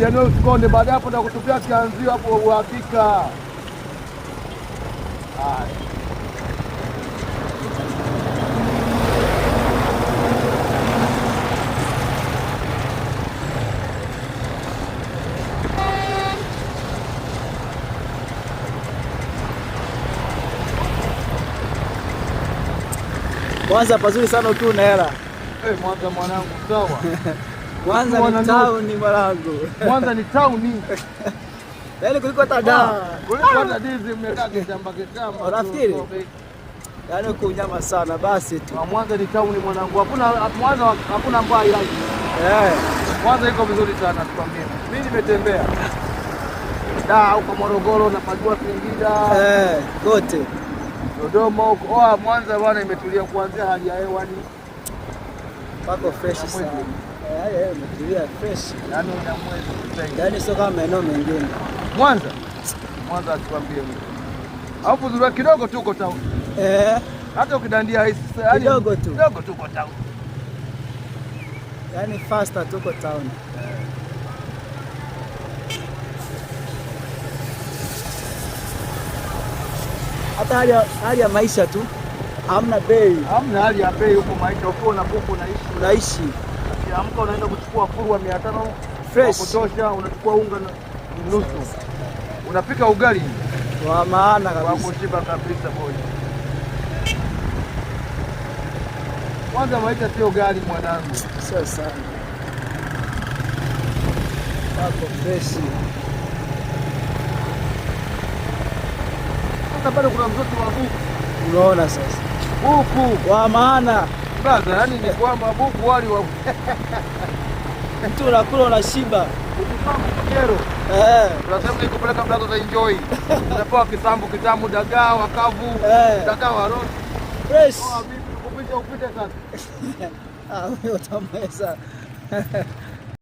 Januari tukonde, baada hapo na kianzio hapo uhakika. Mwanza pazuri sana ukiwa na hela. Hey, eh, Mwanza mwanangu, sawa Mwanza ni town mwanangu. Mwanza ni town. Yaani kuliko hata ah, da. Kuliko hata dizi mmekaa kitamba kitamba. Unafikiri? Yaani uko unyama sana basi tu. Ah, Mwanza ni town mwanangu. Hakuna Mwanza hakuna mbaya ila. Eh. Mwanza iko vizuri sana tukwambie. Mimi nimetembea. Da huko Morogoro na Pagua Singida. Eh, kote. Dodoma huko. Oh, Mwanza bwana imetulia kuanzia hali ya hewa ni. Pako fresh sana. Yaani, yaani, yaani, yaani sio kama maeneo mengine. Mwanza Mwanza asikwambie mtu, alafu zura kidogo tu uko town eh, hata ukidandia kidogo tu kidogo tu uko town, yaani faster tu town. Hata hali ya maisha tu hamna bei, hamna hali ya bei huko maisha, ukiwa na kuku unaishi unaishi ukiamka unaenda kuchukua furwa mia tano fresh kutosha, unachukua unga nusu, unapika ugali wa maana kabisa, kushiba kabisa boy. Kwanza maita sio ugali mwanangu, sio sana hapo fresh. Sasa bado kuna mzoto wa huku, unaona sasa, huku wa maana plaza, yani ni kwamba buku wali wa mtu unakula unashiba. Kero. Eh. Unasema ni kupeleka plaza za enjoy. Unapoa kisambu kitamu, dagaa wakavu, eh. dagaa wa road. Fresh. Oh, mimi kupita upite sasa. Ah, wewe utamweza.